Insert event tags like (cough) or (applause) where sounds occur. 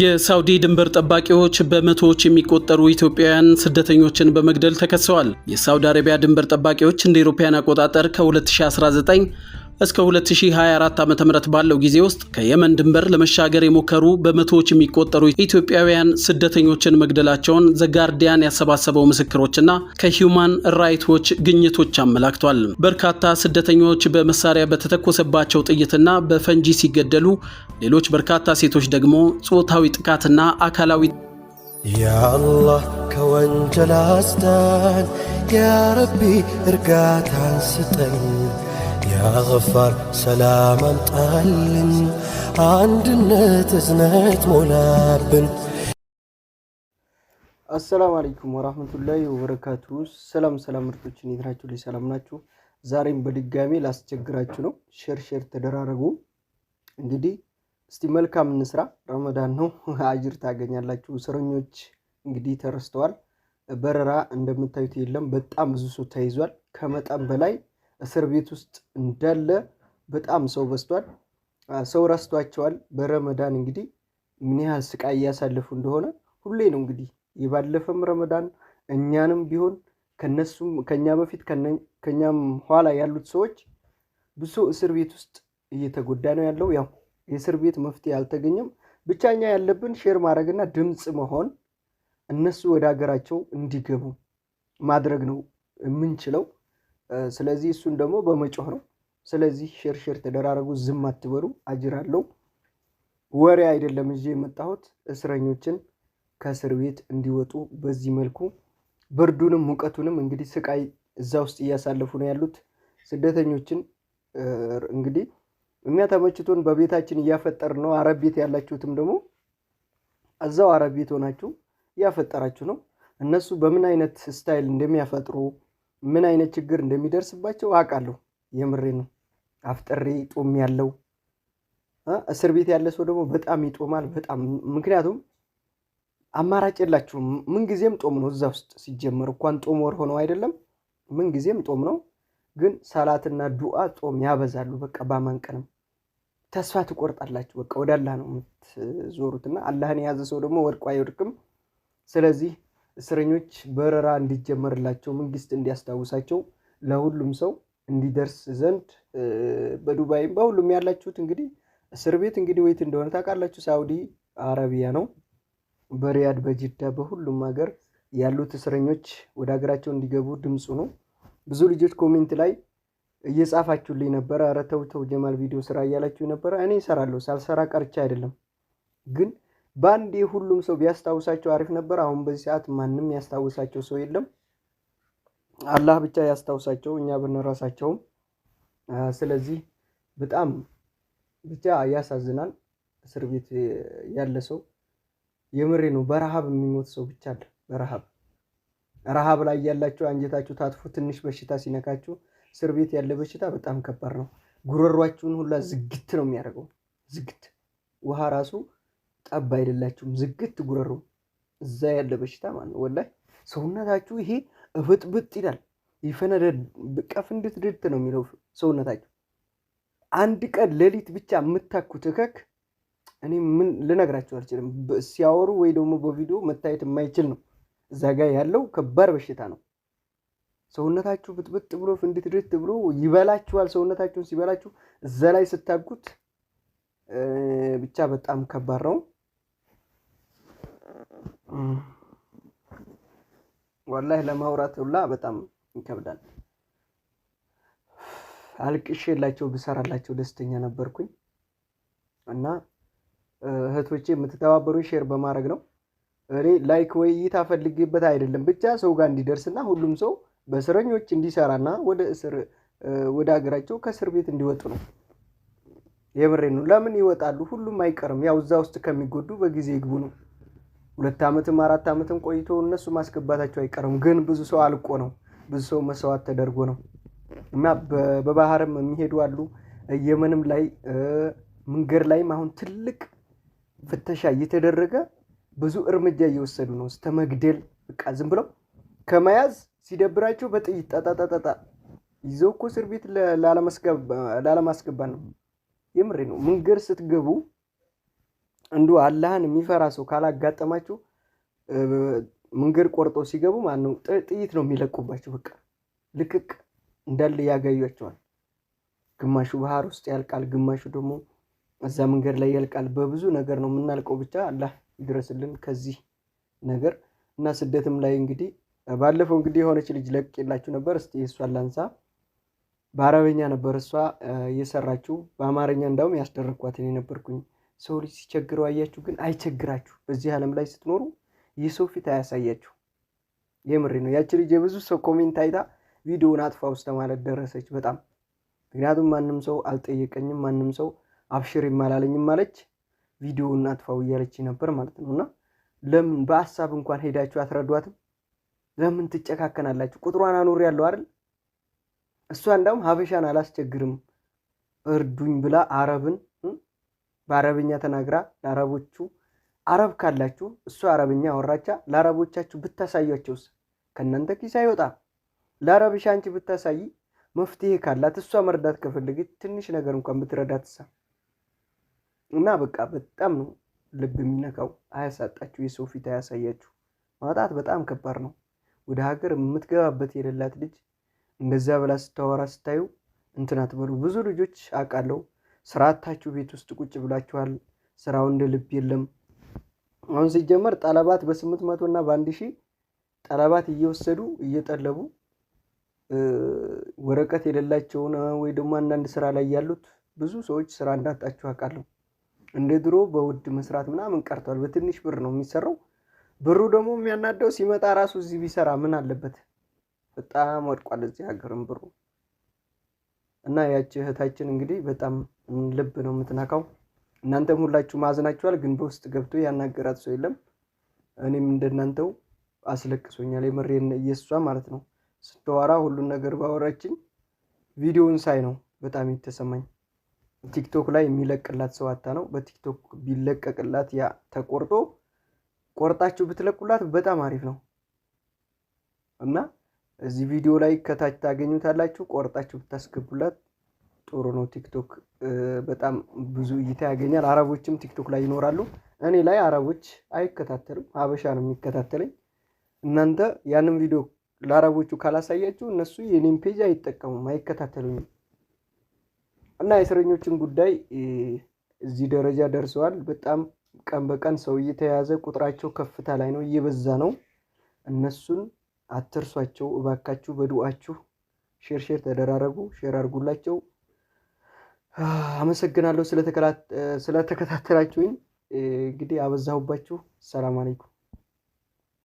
የሳውዲ ድንበር ጠባቂዎች በመቶዎች የሚቆጠሩ ኢትዮጵያውያን ስደተኞችን በመግደል ተከሰዋል። የሳውዲ አረቢያ ድንበር ጠባቂዎች እንደ አውሮፓውያን አቆጣጠር ከ2019 እስከ 2024 ዓ ም ባለው ጊዜ ውስጥ ከየመን ድንበር ለመሻገር የሞከሩ በመቶዎች የሚቆጠሩ ኢትዮጵያውያን ስደተኞችን መግደላቸውን ዘጋርዲያን ያሰባሰበው ምስክሮችና ከሂውማን ራይት ግኝቶች አመላክቷል። በርካታ ስደተኞች በመሳሪያ በተተኮሰባቸው ጥይትና በፈንጂ ሲገደሉ፣ ሌሎች በርካታ ሴቶች ደግሞ ጾታዊ ጥቃትና አካላዊ ያአላህ ከወንጀል አስዳን፣ ያረቢ እርጋታን ስጠኝ። ያ ሰላም አምጣልን፣ አንድነት እዝነት ሞላብን። አሰላም አለይኩም ወራህመቱላሂ ወበረካቱ። ሰላም ሰላም ምርቶች እንዴት ናችሁ? ሰላም ናችሁ? ዛሬም በድጋሚ ላስቸግራችሁ ነው። ሼር ሼር ተደራረጉ። እንግዲህ እስቲ መልካም እንስራ። ረመዳን ነው፣ (laughs) አጅር ታገኛላችሁ። እስረኞች እንግዲህ ተረስተዋል። በረራ እንደምታዩት የለም። በጣም ብዙ ሰው ተይዟል ከመጠን በላይ እስር ቤት ውስጥ እንዳለ በጣም ሰው በዝቷል። ሰው ረስቷቸዋል። በረመዳን እንግዲህ ምን ያህል ስቃይ እያሳለፉ እንደሆነ ሁሌ ነው እንግዲህ የባለፈም ረመዳን እኛንም ቢሆን ከነሱም ከኛ በፊት ከኛም ኋላ ያሉት ሰዎች ብዙ እስር ቤት ውስጥ እየተጎዳ ነው ያለው። ያው የእስር ቤት መፍትሄ አልተገኘም። ብቻኛ ያለብን ሼር ማድረግና ድምፅ መሆን እነሱ ወደ ሀገራቸው እንዲገቡ ማድረግ ነው የምንችለው። ስለዚህ እሱን ደግሞ በመጮህ ነው። ስለዚህ ሽርሽር ተደራረጉ፣ ዝም አትበሉ፣ አጅር አለው። ወሬ አይደለም ይዤ የመጣሁት እስረኞችን ከእስር ቤት እንዲወጡ በዚህ መልኩ ብርዱንም ሙቀቱንም እንግዲህ ስቃይ እዛ ውስጥ እያሳለፉ ነው ያሉት ስደተኞችን እንግዲህ እኛ ተመችቶን በቤታችን እያፈጠር ነው። አረብ ቤት ያላችሁትም ደግሞ እዛው አረብ ቤት ሆናችሁ እያፈጠራችሁ ነው። እነሱ በምን አይነት ስታይል እንደሚያፈጥሩ ምን አይነት ችግር እንደሚደርስባቸው አውቃለሁ። የምሬ ነው። አፍጥሬ ጦም ያለው እስር ቤት ያለ ሰው ደግሞ በጣም ይጦማል። በጣም ምክንያቱም አማራጭ የላችሁም። ምንጊዜም ጦም ነው እዛ ውስጥ ሲጀመር፣ እንኳን ጦም ወር ሆነው አይደለም ምንጊዜም ጦም ነው። ግን ሰላትና ዱዓ ጦም ያበዛሉ። በቃ በማንቀንም ተስፋ ትቆርጣላችሁ። በቃ ወደ አላህ ነው የምትዞሩትና አላህን የያዘ ሰው ደግሞ ወድቆ አይወድቅም። ስለዚህ እስረኞች በረራ እንዲጀመርላቸው መንግስት እንዲያስታውሳቸው ለሁሉም ሰው እንዲደርስ ዘንድ በዱባይም በሁሉም ያላችሁት እንግዲህ እስር ቤት እንግዲህ ወይት እንደሆነ ታውቃላችሁ። ሳውዲ አረቢያ ነው፣ በሪያድ በጅዳ በሁሉም ሀገር ያሉት እስረኞች ወደ ሀገራቸው እንዲገቡ ድምፁ ነው። ብዙ ልጆች ኮሜንት ላይ እየጻፋችሁልኝ ነበረ። ኧረ ተው ተው ጀማል ቪዲዮ ስራ እያላችሁ ነበረ። እኔ እሰራለሁ፣ ሳልሰራ ቀርቼ አይደለም ግን በአንዴ ሁሉም ሰው ቢያስታውሳቸው አሪፍ ነበር። አሁን በዚህ ሰዓት ማንም ያስታውሳቸው ሰው የለም። አላህ ብቻ ያስታውሳቸው፣ እኛ ብንረሳቸውም። ስለዚህ በጣም ብቻ ያሳዝናል። እስር ቤት ያለ ሰው የምሬ ነው። በረሃብ የሚሞት ሰው ብቻ አለ። በረሃብ ረሃብ ላይ ያላችሁ አንጀታችሁ ታጥፎ ትንሽ በሽታ ሲነካችሁ፣ እስር ቤት ያለ በሽታ በጣም ከባድ ነው። ጉረሯችሁን ሁላ ዝግት ነው የሚያደርገው። ዝግት ውሃ ራሱ ጠብ አይደላችሁም፣ ዝግት ጉረሮ እዛ ያለ በሽታ ማለት ነው። ወላሂ ሰውነታችሁ ይሄ እብጥብጥ ይላል፣ ይፈነደድ በቃ ፍንድት ድድት ነው የሚለው ሰውነታችሁ። አንድ ቀን ሌሊት ብቻ የምታኩት እከክ እኔ ምን ልነግራችሁ አልችልም። ሲያወሩ ወይ ደግሞ በቪዲዮ መታየት የማይችል ነው። እዛ ጋ ያለው ከባድ በሽታ ነው። ሰውነታችሁ ብጥብጥ ብሎ ፍንድት ብሎ ይበላችኋል። ሰውነታችሁን ሲበላችሁ እዛ ላይ ስታጉት ብቻ በጣም ከባድ ነው። ወላሂ ለማውራት ሁላ በጣም ይከብዳል። አልቅሼላቸው ብሰራላቸው ደስተኛ ነበርኩኝ። እና እህቶቼ የምትተባበሩ ሼር በማድረግ ነው። እኔ ላይክ ወይ እይታ ፈልጌበት አይደለም፣ ብቻ ሰው ጋር እንዲደርስና ሁሉም ሰው በእስረኞች እንዲሰራና ወደ እስር ወደ ሀገራቸው ከእስር ቤት እንዲወጡ ነው። የምሬ ነው። ለምን ይወጣሉ? ሁሉም አይቀርም። ያው እዛ ውስጥ ከሚጎዱ በጊዜ ይግቡ ነው። ሁለት ዓመትም አራት ዓመትም ቆይቶ እነሱ ማስገባታቸው አይቀርም። ግን ብዙ ሰው አልቆ ነው፣ ብዙ ሰው መስዋዕት ተደርጎ ነው እና በባህርም የሚሄዱ አሉ። የመንም ላይ መንገድ ላይም አሁን ትልቅ ፍተሻ እየተደረገ ብዙ እርምጃ እየወሰዱ ነው። እስከ መግደል በቃ ዝም ብለው ከመያዝ ሲደብራቸው በጥይት ጣጣጣጣ ይዘው እኮ እስር ቤት ላለማስገባት ነው። የምሬ ነው። መንገድ ስትገቡ እንዱ አላህን የሚፈራ ሰው ካላጋጠማቸው መንገድ ቆርጦ ሲገቡ ማን ነው ጥይት ነው የሚለቁባቸው። በቃ ልቅቅ እንዳለ ያገዩቸዋል። ግማሹ ባህር ውስጥ ያልቃል፣ ግማሹ ደግሞ እዛ መንገድ ላይ ያልቃል። በብዙ ነገር ነው የምናልቀው። ብቻ አላህ ይድረስልን ከዚህ ነገር እና ስደትም ላይ እንግዲህ ባለፈው እንግዲህ የሆነች ልጅ ለቅቄላችሁ ነበር። እስቲ እሷን ላንሳ። በአረበኛ ነበር እሷ እየሰራችሁ በአማርኛ እንዳውም ያስደረግኳትን የነበርኩኝ ሰው ልጅ ሲቸግረው አያችሁ። ግን አይቸግራችሁ። በዚህ ዓለም ላይ ስትኖሩ የሰው ፊት አያሳያችሁ። የምሬ ነው። ያቺ ልጅ የብዙ ሰው ኮሜንት አይታ ቪዲዮን አጥፋ ውስጥ ለማለት ደረሰች። በጣም ምክንያቱም ማንም ሰው አልጠየቀኝም፣ ማንም ሰው አብሽር ይማላለኝም ማለች። ቪዲዮውን አጥፋው እያለች ነበር ማለት ነው። እና ለምን በሀሳብ እንኳን ሄዳችሁ አትረዷትም? ለምን ትጨካከናላችሁ? ቁጥሯን አኖር ያለው አይደል? እሷ እንዳውም ሀበሻን አላስቸግርም እርዱኝ ብላ አረብን በአረብኛ ተናግራ ለአረቦቹ አረብ ካላችሁ እሱ አረብኛ አወራቻ ለአረቦቻችሁ ብታሳያቸውስ ከእናንተ ኪስ አይወጣም። ለአረብ ሻንቺ ብታሳይ መፍትሄ ካላት እሷ መርዳት ከፈለገች ትንሽ ነገር እንኳን ብትረዳት እሳ እና በቃ በጣም ነው ልብ የሚነካው። አያሳጣችሁ፣ የሰው ፊት አያሳያችሁ። ማጣት በጣም ከባድ ነው። ወደ ሀገር የምትገባበት የሌላት ልጅ እንደዛ ብላ ስታወራ ስታዩ እንትን አትበሉ። ብዙ ልጆች አውቃለሁ ስራ ቤት ውስጥ ቁጭ ብላችኋል። ስራው እንደ ልብ የለም። አሁን ሲጀመር ጠለባት በስምንት መቶ እና በአንድ ሺህ ጠለባት እየወሰዱ እየጠለቡ ወረቀት የሌላቸውን ወይ ደግሞ አንዳንድ ስራ ላይ ያሉት ብዙ ሰዎች ስራ እንዳጣችሁ አውቃለሁ። እንደ ድሮ በውድ መስራት ምናምን ቀርቷል። በትንሽ ብር ነው የሚሰራው። ብሩ ደግሞ የሚያናደው ሲመጣ ራሱ እዚህ ቢሰራ ምን አለበት? በጣም ወድቋል እዚህ ሀገርም ብሩ እና ያቺ እህታችን እንግዲህ በጣም ልብ ነው የምትነካው። እናንተም ሁላችሁ ማዝናችኋል፣ ግን በውስጥ ገብቶ ያናገራት ሰው የለም። እኔም እንደናንተው አስለቅሶኛል። የምሬን እየሷ ማለት ነው ስታወራ ሁሉን ነገር ባወራችኝ ቪዲዮውን ሳይ ነው በጣም የተሰማኝ። ቲክቶክ ላይ የሚለቅላት ሰው አታ ነው። በቲክቶክ ቢለቀቅላት ያ ተቆርጦ ቆርጣችሁ ብትለቁላት በጣም አሪፍ ነው እና እዚህ ቪዲዮ ላይ ከታች ታገኙታላችሁ። ቆርጣችሁ ብታስገቡላት ጥሩ ነው። ቲክቶክ በጣም ብዙ እይታ ያገኛል። አረቦችም ቲክቶክ ላይ ይኖራሉ። እኔ ላይ አረቦች አይከታተልም፣ ሀበሻ ነው የሚከታተለኝ። እናንተ ያንን ቪዲዮ ለአረቦቹ ካላሳያችሁ እነሱ የኔም ፔጅ አይጠቀሙም፣ አይከታተሉኝም። እና የእስረኞችን ጉዳይ እዚህ ደረጃ ደርሰዋል። በጣም ቀን በቀን ሰው እየተያዘ ቁጥራቸው ከፍታ ላይ ነው፣ እየበዛ ነው። እነሱን አትርሷቸው እባካችሁ፣ በዱአችሁ ሼር ሼር ተደራረጉ፣ ሼር አድርጉላቸው። አመሰግናለሁ ስለተከታተላችሁኝ። እንግዲህ አበዛሁባችሁ። ሰላም አለይኩም።